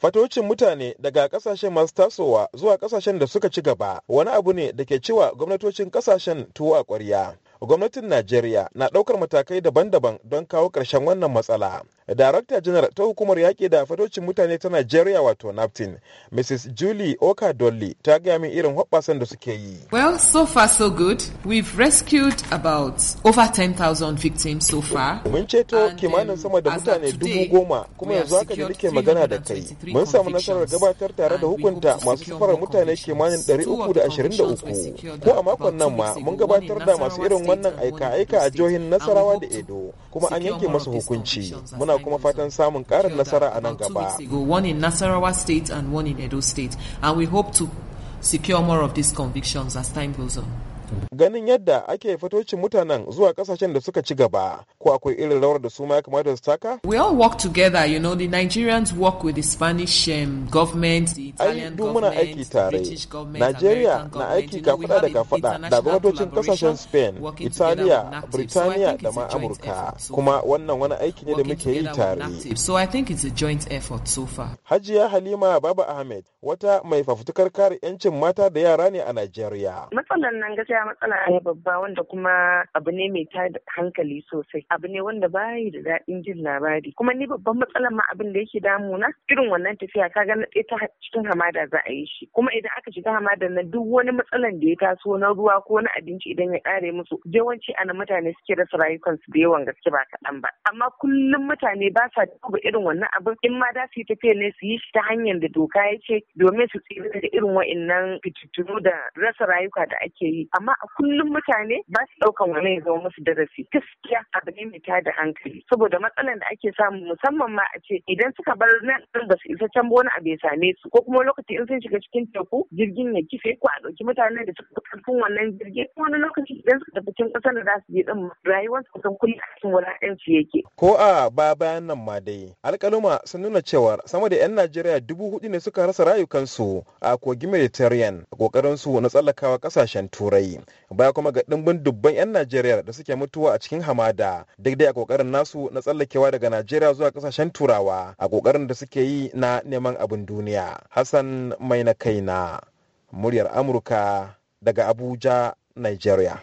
Fatocin mutane daga kasashen masu tasowa zuwa kasashen da suka ci gaba wani abu ne da ke cewa gwamnatocin kasashen tuwo a ƙwarya. gwamnatin najeriya na ɗaukar matakai daban-daban don kawo ƙarshen wannan matsala darakta janar ta hukumar yaƙi da fatocin mutane ta najeriya wato naftin mrs julie oka dolly ta gaya min irin hoɓɓasan da suke yi well so far so good we've rescued about over 10,000 victims so far mun ceto kimanin um, sama da mutane dubu goma kuma yanzu haka da nake magana da kai mun samu nasarar gabatar tare da hukunta masu safarar mutane kimanin 323 ko a makon nan ma mun gabatar da masu irin wannan aika-aika a jihohin Nasarawa da Edo kuma an yanke hukunci. Muna kuma fatan samun nasara a nan gaba. One in Nasarawa state and one in Edo state and we hope to secure more of these convictions as time goes on. Ganin yadda ake fatocin mutanen zuwa kasashen da suka ci gaba, ko akwai irin rawar da su ma ya kamata su taka? We all work together, you know, the Nigerians work with the Spanish um, government, the Italian duk aiki tare. Najeriya na aiki kafada da kafada da gwamnatocin kasashen Spain, Italiya, Birtaniya da ma Amurka. Kuma wannan wani aiki ne da muke yi tare. So I think it's a joint effort so far. Hajiya Halima Baba Ahmed, wata mai fafutukar kare 'yancin mata da yara ne a Najeriya. nan gaskiya gaskiya matsala ne babba wanda kuma abu ne mai tada hankali sosai abu ne wanda bayi da daɗin jin labari kuma ni babban matsalar ma abin da yake damuna irin wannan tafiya ka ga ɗaya ta cikin hamada za a yi shi kuma idan aka shiga hamada na duk wani matsalan da ya taso na ruwa ko na abinci idan ya kare musu yawanci ana mutane suke rasa rayukansu da yawan gaske ba kaɗan ba amma kullum mutane ba sa duba irin wannan abin in ma za su yi tafiya ne su yi shi ta hanyar da doka ya ce domin su tsira da irin wa'innan fitittunu da rasa rayuka da ake yi amma amma a kullum mutane ba su ɗaukan wani ya zama musu darasi gaskiya abu ne mai tada hankali saboda matsalan da ake samu musamman ma a ce idan suka bar nan ba su isa can wani abu ya same su ko kuma lokaci in sun shiga cikin teku jirgin ya kife ko a ɗauki mutanen da suka karfin wannan jirgin wani lokaci idan suka tafi cikin ƙasar da za su je ɗin su kusan kullum a cikin wulaƙanci yake. ko a ba bayan nan ma dai alƙaluma sun nuna cewa sama da 'yan najeriya dubu hudu ne suka rasa rayukansu a kogin mediterranean a su na tsallakawa ƙasashen turai. baya kuma ga dimbin dubban 'yan najeriya da suke mutuwa a cikin hamada duk dai a kokarin nasu na tsallakewa daga najeriya zuwa kasashen turawa a kokarin da suke yi na neman abin duniya hassan mai na kaina muryar amurka daga abuja nigeria